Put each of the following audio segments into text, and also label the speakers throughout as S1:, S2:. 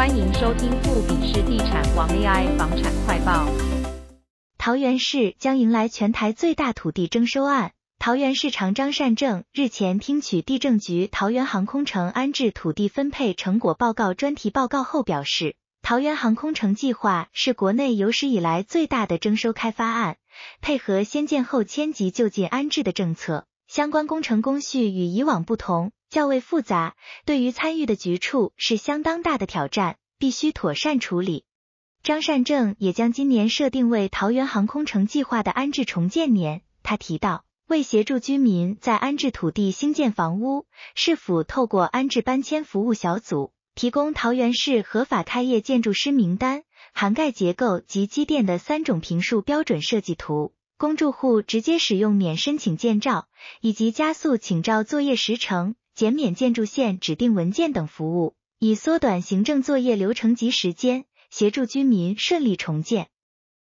S1: 歡迎收聽富比士地產王 AI 房產快報。桃園市將迎來全台最大土地徵收案。桃園市長張善政日前聽取地政局桃園航空城安置土地分配成果報告專題報告後表示，桃園航空城計劃是國內有史以來最大的徵收開發案，配合先建後遷及就近安置的政策。相關工程工序與以往不同，較為複雜，對於參與的局處是相當大的挑戰，必須妥善處理。張善政也將今年設定為桃園航空城計劃的安置重建年。他提到，為協助居民在安置土地興建房屋，市府透過安置搬遷服務小組，提供桃園市合法開業建築師名單，涵蓋結構及機電的三種坪數標準設計圖。公住戶直接使用免申請建照，以及加速請照作業時程、減免建築線指定文件等服務，以縮短行政作業流程及時間，協助居民順利重建。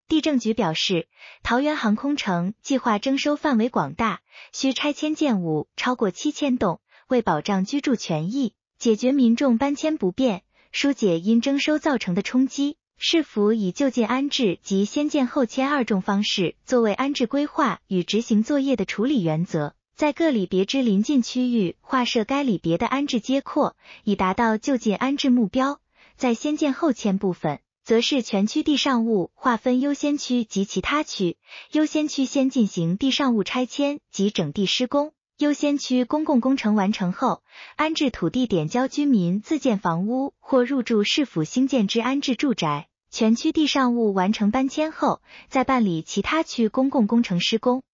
S1: 地政局表示，桃園航空城計劃徵收範圍廣大，需拆遷建物超過七千棟，為保障居住權益，解決民眾搬遷不便，疏解因徵收造成的衝擊。市府以就近安置及先建後遷二種方式作為安置規劃與執行作業的處理原則，在各里別之臨近區域劃設該里別的安置街廓，以達到就近安置目標。在先建後遷部分，則是全區地上物劃分優先區及其他區，優先區先進行地上物拆遷及整地施工。優先區公共工程完成後，安置土地點交居民自建房屋或入住市府新建之安置住宅，全區地上物完成搬遷後，再辦理其他區公共工程施工。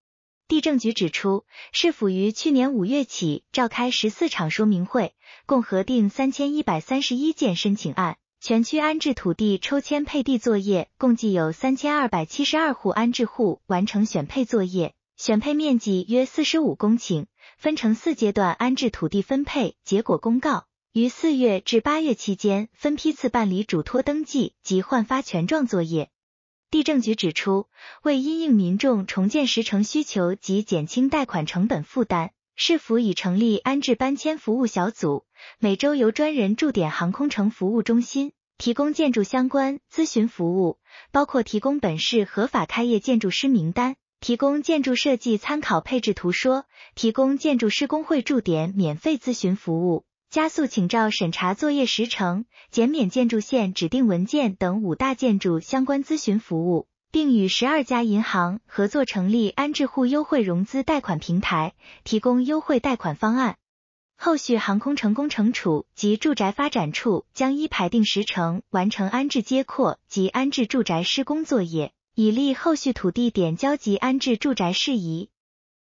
S1: 地政局指出，市府於去年五月起召開十四場說明會，共核定三千一百三十一件申請案，全區安置土地抽籤配地作業共計有三千二百七十二戶安置戶完成選配作業。選配面積約四十五公頃，分成四階段安置土地分配結果公告，於四月至八月期間分批次辦理囑託登記及換發權狀作業。地政局指出，為因應民眾重建時程需求及減輕貸款成本負擔，市府已成立安置搬遷服務小組，每週由專人駐點航空城服務中心，提供建築相關諮詢服務，包括提供本市合法開業建築師名單。提供建築設計參考配置圖說，提供建築施工會駐點免費諮詢服務，加速請照審查作業時程，減免建築線指定文件等五大建築相關諮詢服務，並與十二家銀行合作成立安置戶優惠融資貸款平台，提供優惠貸款方案。後續航空城工程處及住宅發展處將依排定時程完成安置街廓及安置住宅施工作業。以利後續土地點交及安置住宅事宜。